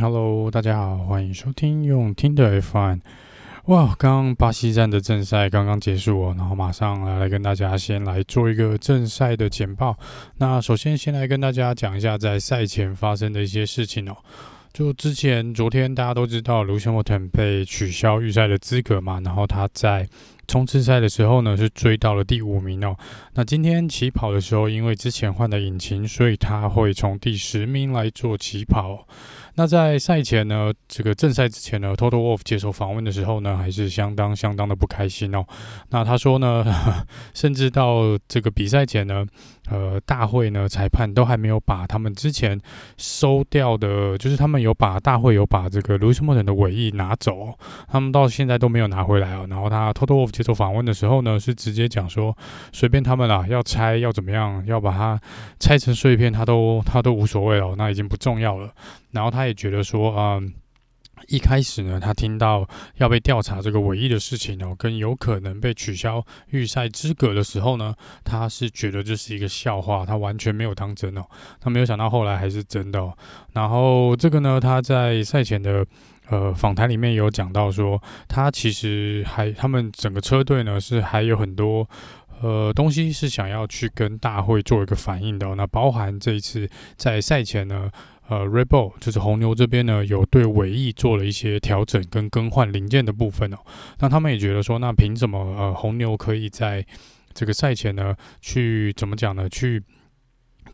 Hello，大家好，歡迎收聽用聽的 F1。n 哇，剛巴西站的正賽剛剛結束哦，然後馬上來跟大家先來做一個正賽的簡報。那首先先來跟大家講一下在賽前發生的一些事情哦、喔。就之前昨天大家都知道，Lewis Hamilton 被取消預賽的資格嘛，然後他在。衝刺賽的時候呢，是追到了第五名哦、喔。那今天起跑的時候，因為之前換的引擎，所以他會從第十名來做起跑、喔。那在賽前呢，這個正賽之前呢，Toto Wolff 接受訪問的時候呢，還是相當相當的不開心哦、喔。那他說呢，甚至到這個比賽前呢，呃，大會呢，裁判都還沒有把他們之前收掉的，就是他們有把大會有把這個 Lewis Morgan 的尾翼拿走、喔，他們到現在都沒有拿回來啊、喔。然後他 Toto Wolff。接受訪問的時候呢，是直接講說隨便他們啦、啊，要拆要怎麼樣，要把它拆成碎片，他都他都無所謂了、哦，那已經不重要了。然後他也覺得說，嗯，一開始呢，他聽到要被調查這個尾翼的事情哦，跟有可能被取消預賽資格的時候呢，他是覺得這是一個笑話，他完全沒有當真哦。他沒有想到後來還是真的哦。然後這個呢，他在賽前的。呃，訪談裡面有講到說，他其實還他們整個車隊呢是還有很多呃東西是想要去跟大會做一個反應的哦。那包含這一次在賽前呢，呃 Red Bull 就是紅牛這邊呢有對尾翼做了一些調整跟更換零件的部分哦。那他們也覺得說，那憑什麼呃紅牛可以在這個賽前呢去怎麼講呢去？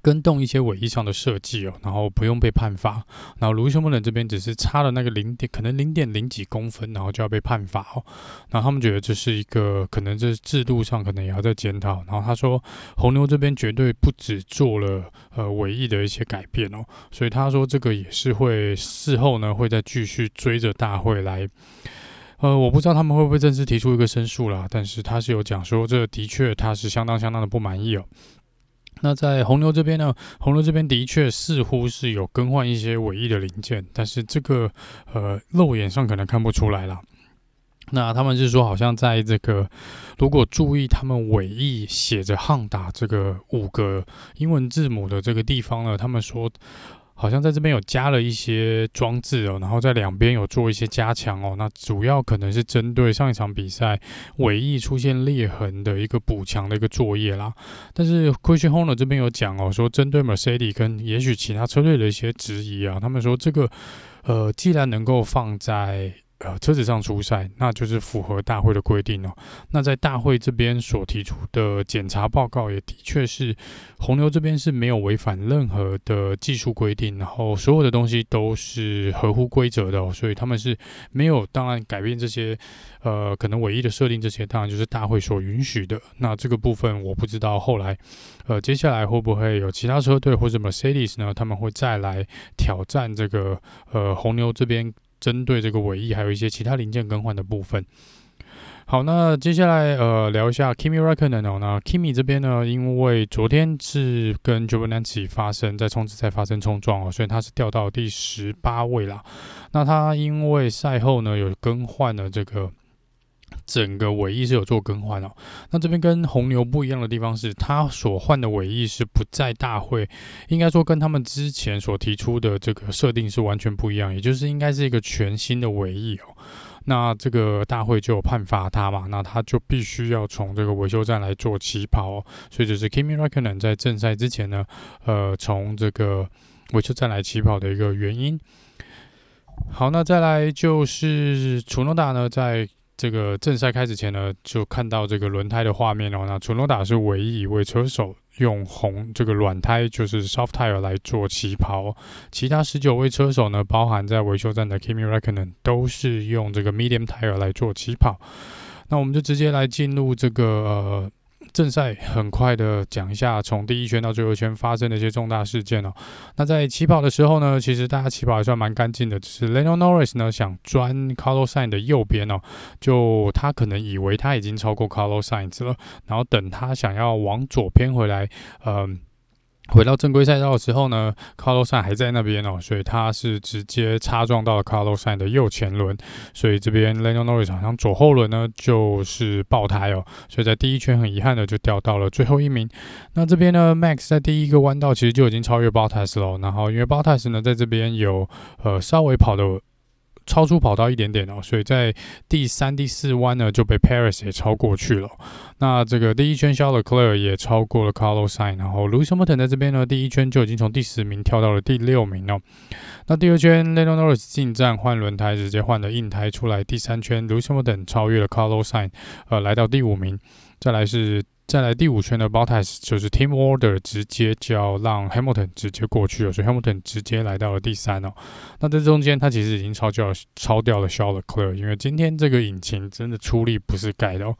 更動一些尾翼上的設計哦，然後不用被判罰。然後盧修莫能這邊只是差了那個零點，可能零點零幾公分，然後就要被判罰哦。然後他們覺得這是一個，可能這制度上可能也要在檢討。然後他說，紅牛這邊絕對不止做了呃尾翼的一些改變哦、喔，所以他說這個也是會事後呢會再繼續追着大會來。呃，我不知道他們會不會正式提出一個申訴啦，但是他是有講說，這的確他是相當相當的不滿意哦、喔。那在紅牛這邊呢？紅牛這邊的確似乎是有更換一些尾翼的零件，但是這個呃，肉眼上可能看不出來了。那他們是說，好像在這個如果注意他們尾翼寫着 Honda 這個五個英文字母的這個地方呢，他們說。好像在這邊有加了一些裝置哦、喔，然後在兩邊有做一些加強哦、喔。那主要可能是針對上一場比賽尾翼出現裂痕的一個補強的一個作業啦。但是 Christian Horner 這邊有講哦、喔，說針對 Mercedes 跟也許其他車隊的一些質疑啊，他們說這個，呃，既然能夠放在。呃，車子上出賽，那就是符合大會的規定哦。那在大會這邊所提出的檢查報告也的確是，紅牛這邊是沒有違反任何的技術規定，然後所有的東西都是合乎規則的哦，所以他們是沒有。當然，改變這些，呃，可能唯一的設定這些，當然就是大會所允許的。那這個部分我不知道，後來，呃，接下來會不會有其他車隊或者 Mercedes 呢？他們會再來挑戰這個，呃，紅牛這邊。針對這個尾翼，還有一些其他零件更換的部分。好，那接下來呃，聊一下 Kimi Raikkonen 哦，那 Kimi 這邊呢，因為昨天是跟 Giovinazzi 發生在衝刺賽發生衝撞哦，所以他是掉到第十八位啦。那他因為賽後呢，有更換了這個。整個尾翼是有做更換哦，那這邊跟紅牛不一樣的地方是，他所換的尾翼是不在大會，應該說跟他們之前所提出的這個設定是完全不一樣，也就是應該是一個全新的尾翼哦。那這個大會就有判罰他嘛，那他就必須要從這個維修站來做起跑喔，所以就是 Kimi Räikkönen 在正賽之前呢，呃，從這個維修站來起跑的一個原因。好，那再來就是楚諾達呢在。這個正賽開始前呢，就看到這個輪胎的畫面哦、喔，那 Tsunoda 是唯一一位車手用紅這個軟胎，就是 soft tire 來做起跑。其他十九位車手呢，包含在維修站的 Kimi Raikkonen 都是用這個 medium tire 來做起跑。那我們就直接來進入這個、呃。正賽很快的講一下，從第一圈到最後圈發生的一些重大事件哦、喔。那在起跑的時候呢，其實大家起跑還算蠻乾淨的。只是 Lando Norris 呢想鑽 Carlos Sainz 的右邊哦，就他可能以為他已經超過 Carlos Sainz 了，然後等他想要往左邊回來，嗯。回到正規賽道的時候呢，Carlos 還在那邊哦，所以他是直接插撞到了 Carlos 的右前輪，所以這邊 Lando Norris 好像左後輪呢就是爆胎哦，所以在第一圈很遺憾的就掉到了最後一名。那這邊呢，Max 在第一個彎道其實就已經超越 Bottas 了，哦，然後因為 Bottas 呢在這邊有呃稍微跑的。超出跑道一點點哦，所以在第三、第四彎呢就被 Paris 也超過去了。那這個第一圈 Charles Leclerc 也超過了 Carlos Sainz，然後 Lewis Hamilton 在這邊呢，第一圈就已經從第十名跳到了第六名了喔。那第二圈 Lando Norris 進站換輪胎，直接換了硬胎出來。第三圈 Lewis Hamilton 超越了 Carlos Sainz，呃，來到第五名。再來是再來，第五圈的 Bottas 就是 Team Order 直接就要讓 Hamilton 直接過去了、喔，所以 Hamilton 直接來到了第三哦、喔。那這中間他其實已經超掉了，超掉了 Charles Leclerc，因為今天這個引擎真的出力不是蓋的、喔。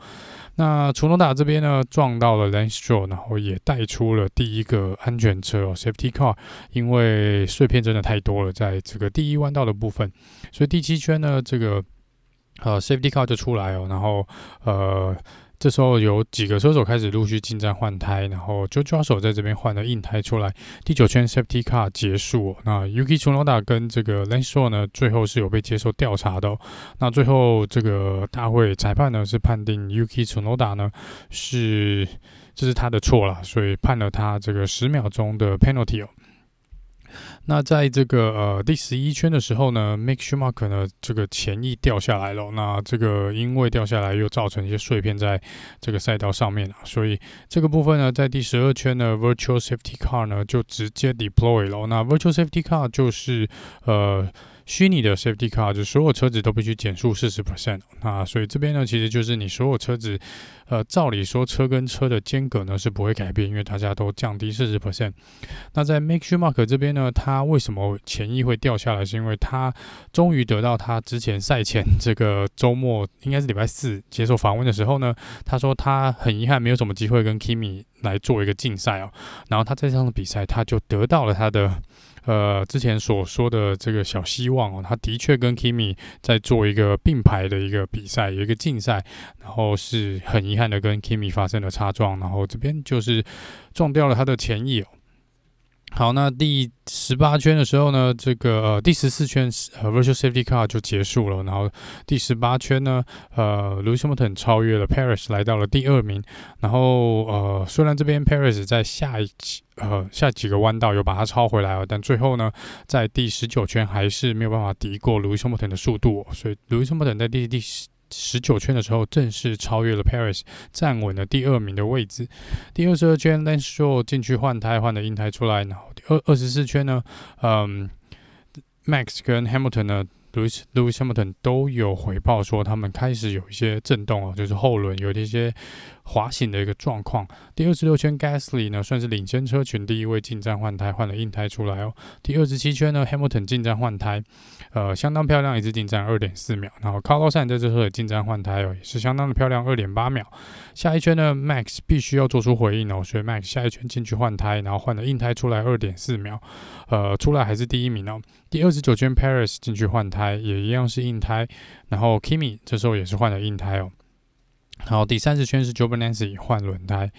那楚諾達這邊呢，撞到了 Lance Stroll，然後也帶出了第一個安全車哦、喔、，Safety Car，因為碎片真的太多了，在這個第一彎道的部分，所以第七圈呢這個呃 Safety Car 就出來哦、喔，然後呃。這時候有幾個車手開始陸續進站換胎，然後就抓手在這邊換了硬胎出來。第九圈 Safety Car 結束、哦，那 Yuki Tsunoda 跟這個 Lance Stroll 呢，最後是有被接受調查的、哦。那最後這個大會裁判呢是判定 Yuki Tsunoda 呢是這是他的錯啦，所以判了他這個十秒鐘的 Penalty 哦。那在這個呃第十一圈的時候呢 Mick Schumacher 呢這個前翼掉下來了，那這個因為掉下來又造成一些碎片在這個賽道上面啊，所以這個部分呢在第十二圈的 Virtual Safety Car 呢就直接 deploy 了，那 Virtual Safety Car 就是呃。虛擬的 Safety Car 所有車子都必須減速四十 percent。那所以這邊呢，其實就是你所有車子，呃，照理說車跟車的間隔呢是不會改變，因為大家都降低四十 percent。那在 Max Verstappen 這邊呢，他為什麼前翼會掉下來？是因為他終於得到他之前賽前這個周末應該是禮拜四接受訪問的時候呢，他說他很遺憾沒有什麼機會跟 Kimi 來做一個競賽哦。然後他在這場比賽他就得到了他的。呃，之前所說的這個小希望哦，他的確跟 Kimi 在做一個並排的一個比賽，有一個競賽，然後是很遺憾的跟 Kimi 發生了擦撞，然後這邊就是撞掉了他的前翼。好，那第十八圈的時候呢，這個呃第十四圈呃 Virtual Safety Car 就結束了。然後第十八圈呢，呃，Lewis Hamilton 超越了 Perez，來到了第二名。然後呃，雖然這邊 Perez 在下幾呃下幾個彎道又把它超回來了，但最後呢，在第十九圈還是沒有辦法敵過 Lewis Hamilton 的速度，哦，所以 Lewis Hamilton 在第第十。十九圈的時候，正式超越了 Paris，站穩了第二名的位置。第二十二圈，Lance Stroll 進去換胎，換了硬胎出來。然後第二二十四圈呢，嗯，Max 跟 Hamilton 呢。Lewis Hamilton 都有回報說，他們開始有一些震動哦，就是後輪有這些滑行的一個狀況。第二十六圈，Gasly 呢算是領先車群第一位進站換胎，換了硬胎出來哦。第二十七圈呢，Hamilton 進站換胎，呃，相當漂亮，一直進站二點四秒。然後，Carlos Sainz 在這時候也進站換胎哦，也是相當的漂亮，二點八秒。下一圈呢，Max 必須要做出回應哦，所以 Max 下一圈進去換胎，然後換了硬胎出來，二點四秒，呃，出來還是第一名哦。第二十九圈，Paris 進去換胎，也一樣是硬胎。然後 Kimi 這時候也是換了硬胎哦、喔。好，第三十圈是 Giovinazzi 換輪胎。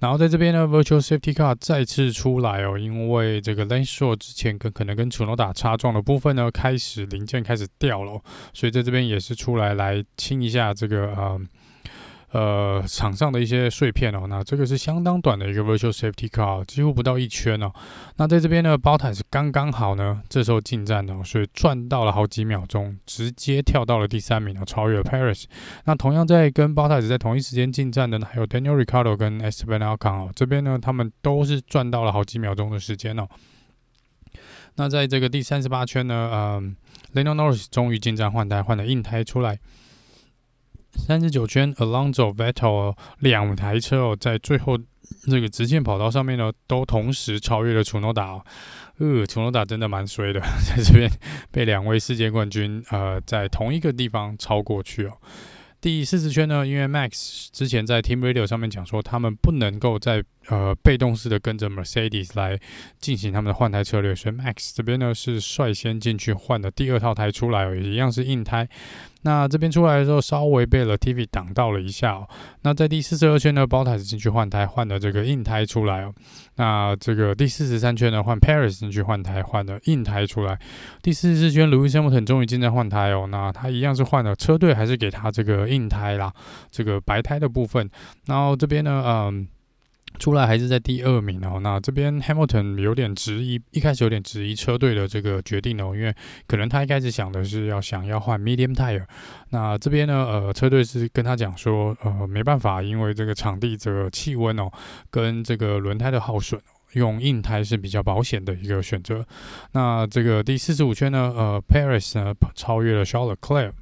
然後在這邊呢，Virtual Safety Car 再次出來哦、喔，因為這個 Lance Stroll 之前跟可能跟 Tsunoda 差擦撞的部分呢，開始零件開始掉了、喔，所以在這邊也是出來來清一下這個啊。嗯呃，場上的一些碎片哦，那這個是相當短的一個 virtual safety car、哦、幾乎不到一圈哦。那在這邊呢 Bottas 剛剛好呢，這時候進站的哦，所以賺到了好幾秒鐘，直接跳到了第三名哦，超越了 Perez。那同樣在跟 Bottas 在同一時間進站的呢，還有 Daniel Ricciardo 跟 Esteban Ocon 哦，這邊呢，他們都是賺到了好幾秒鐘的時間哦。那在這個第三十八圈呢，嗯、呃、Lando Norris 終於進站換胎，換了硬胎出來。三十九圈，Alonso、哦、Vettel 兩台車哦，在最後那個直線跑道上面呢，都同時超越了楚諾達哦。呃，楚諾達真的蠻衰的，在這邊被兩位世界冠軍呃，在同一個地方超過去哦。第四十圈呢，因為 Max 之前在 Team Radio 上面講說，他們不能夠再。呃，被動式的跟着 Mercedes 來進行他們的換胎策略，所以 Max 這邊呢是率先進去換的第二套胎出來，哦，也一樣是硬胎。那這邊出來的時候稍微被了 TV 擋到了一下，哦。那在第四十二圈呢，Bottas 進去換胎，換的這個硬胎出來，哦。那這個第四十三圈呢，換 Perez 進去換胎，換的硬胎出來第。第四十四圈 Lewis Hamilton 終於進站換胎哦，那他一樣是換了車隊還是給他這個硬胎啦，這個白胎的部分。然後這邊呢，嗯。出來還是在第二名哦，那這邊 Hamilton 有點質疑，一開始有點質疑車隊的這個決定哦，因為可能他一開始想的是要想要換 medium tire，那這邊呢，呃，車隊是跟他講說，呃，沒辦法，因為這個場地這個氣溫哦，跟這個輪胎的耗損，用硬胎是比較保險的一個選擇。那這個第四十五圈呢，呃，Perez 呢，超越了 Charles Leclerc。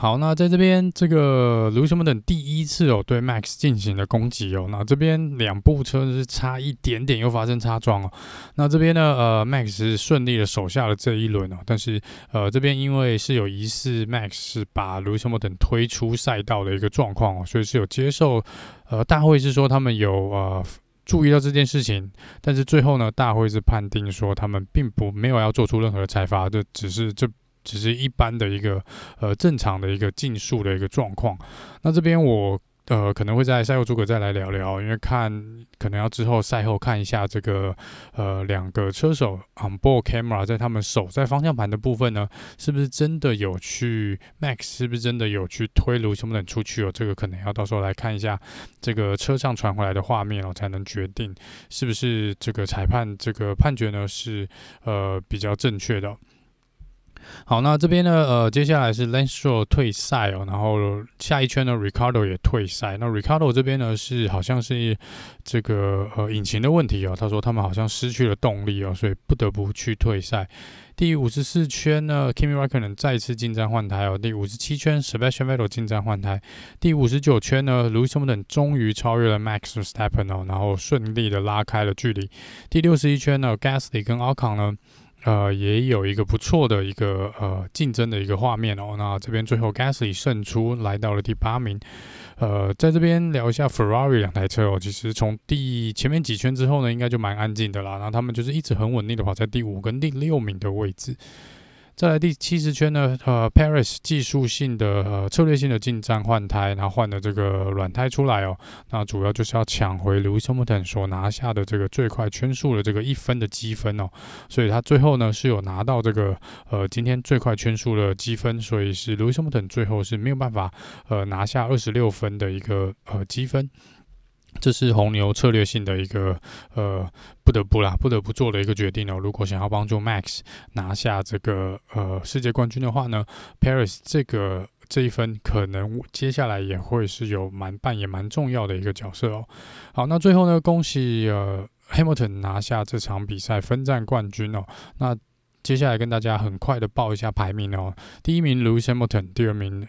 好，那在這邊，這個盧修莫等第一次哦對 Max 進行了攻擊哦，那這邊兩部車是差一點點又發生擦撞哦，那這邊呢，呃，Max 是順利的守下了這一輪哦，但是呃，這邊因為是有疑似 Max 是把盧修莫等推出賽道的一個狀況哦，所以是有接受呃大會是說他們有呃注意到這件事情，但是最後呢，大會是判定說他們並不沒有要做出任何的裁罰，這只是這。只是一般的一個呃正常的一個競速的一個狀況。那這邊我呃可能會在賽後諸葛再來聊聊，因為看可能要之後賽後看一下這個呃兩個車手，on board camera 在他們手在方向盤的部分呢，是不是真的有去 Max 是不是真的有去推盧森布冷出去哦？這個可能要到時候來看一下這個車上傳回來的畫面哦，才能決定是不是這個裁判這個判決呢是呃比較正確的。好，那這邊呢，呃，接下來是 Lance Stroll 退賽哦，然後下一圈呢，Ricardo 也退賽。那 Ricardo 這邊呢，是好像是這個呃引擎的問題哦。他說他們好像失去了動力哦，所以不得不去退賽。第五十四圈呢，Kimi Räikkönen 再次進站換胎哦。第五十七圈，Sebastian Vettel 進站換胎。第五十九圈呢，Lewis Hamilton 終於超越了 Max Verstappen 哦，然後順利的拉開了距離。第六十一圈呢，Gasly 跟 Ocon 呢，呃，也有一個不錯的一個呃競爭的一個畫面哦。那這邊最後 Gasly 勝出來到了第八名。呃，在這邊聊一下 Ferrari 兩台車哦。其實從第前面幾圈之後呢，應該就蠻安靜的啦。那他們就是一直很穩定的跑在第五跟第六名的位置。再來第七十圈呢，呃，Paris 技術性的、呃，策略性的進站換胎，然後換的這個軟胎出來哦，那主要就是要搶回 Lewis Hamilton 所拿下的這個最快圈速的這個一分的積分哦，所以他最後呢是有拿到這個呃今天最快圈速的積分，所以是 Lewis Hamilton 最後是沒有辦法呃拿下二十六分的一個呃積分。這是紅牛策略性的一個呃，不得不啦，不得不做的一個決定哦、喔。如果想要幫助 Max 拿下這個呃世界冠軍的話呢，Paris 這個這一分可能接下來也會是有蠻扮演蠻重要的一個角色哦、喔。好，那最後呢，恭喜呃 Hamilton 拿下這場比賽分站冠軍哦、喔。那接下來跟大家很快的報一下排名哦、喔，第一名 Lewis Hamilton，第二名。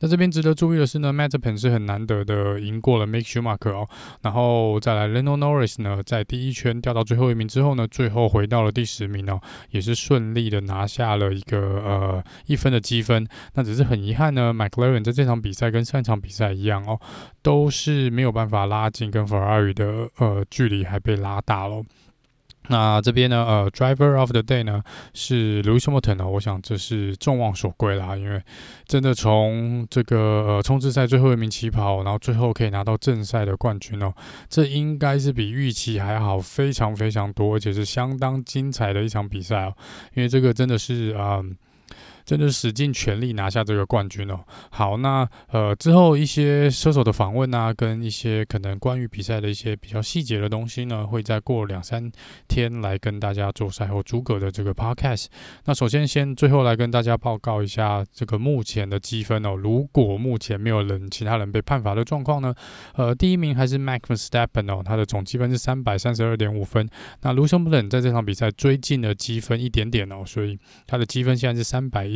那這邊值得注意的是呢 Mazepin 是很難得的贏過了 Mick Schumacher 哦，然後再來 Lando Norris 呢，在第一圈掉到最後一名之後呢，最後回到了第十名哦，也是順利的拿下了一個呃一分的積分。那只是很遺憾呢，McLaren 在這場比賽跟上場比賽一樣哦，都是沒有辦法拉近跟 Ferrari 的呃距離，還被拉大咯。那這邊呢？呃，Driver of the Day 呢是 Lewis Hamilton 呢，哦？我想這是眾望所歸啦，因為真的從這個呃衝刺賽最後一名起跑，然後最後可以拿到正賽的冠軍哦，這應該是比預期還好非常非常多，而且是相當精彩的一場比賽哦，因為這個真的是啊。呃真的使盡全力拿下這個冠軍哦！好，那呃之後一些車手的訪問啊，跟一些可能關於比賽的一些比較細節的東西呢，會再過兩三天來跟大家做賽後諸葛的這個 podcast。那首先先最後來跟大家報告一下這個目前的積分哦。如果目前沒有人其他人被判罰的狀況呢，呃第一名還是 Max Verstappen 哦，他的總積分是三百三十二點五分。那盧森堡倫在這場比賽追進了積分一點點哦，所以他的積分現在是三百一。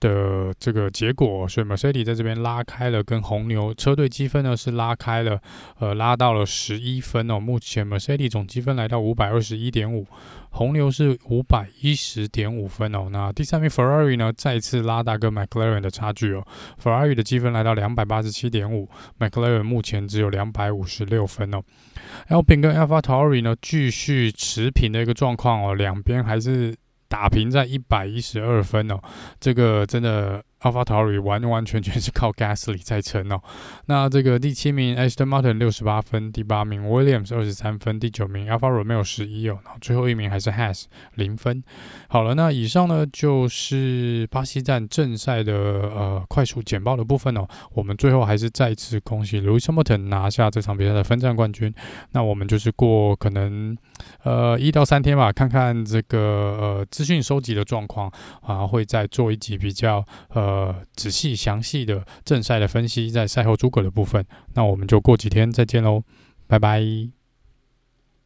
的這個結果，所以 Mercedes 在這邊拉開了，跟紅牛車隊積分呢是拉開了，呃，拉到了十一分哦。目前 Mercedes 總積分來到五百二十一點五，紅牛是五百一十點五分哦。那第三名 Ferrari 呢，再次拉大跟 McLaren 的差距哦。Ferrari 的積分來到兩百八十七點五，McLaren 目前只有兩百五十六分哦。Alpine 跟 AlphaTauri 呢，繼續持平的一個狀況哦，兩邊還是。打平在一百一十二分哦、喔，這個真的。a l h a r o 玩完完全全是靠 gas 裡在撐哦。那這個第七名 a s t o n Martin 六十八分，第八名 Williams 是二十三分，第九名 a l p h a r o 沒有十一哦。後最後一名還是 Has 零分。好了，那以上呢就是巴西站正賽的呃快速簡報的部分哦。我們最後還是再次恭喜 Louis h a Martin 拿下這場比賽的分站冠軍。那我們就是過可能呃一到三天吧，看看這個呃資訊收集的狀況啊，會再做一集比較呃。呃，仔細詳細的正賽的分析，在賽後諸葛的部分，那我們就過幾天再見嘍，拜拜。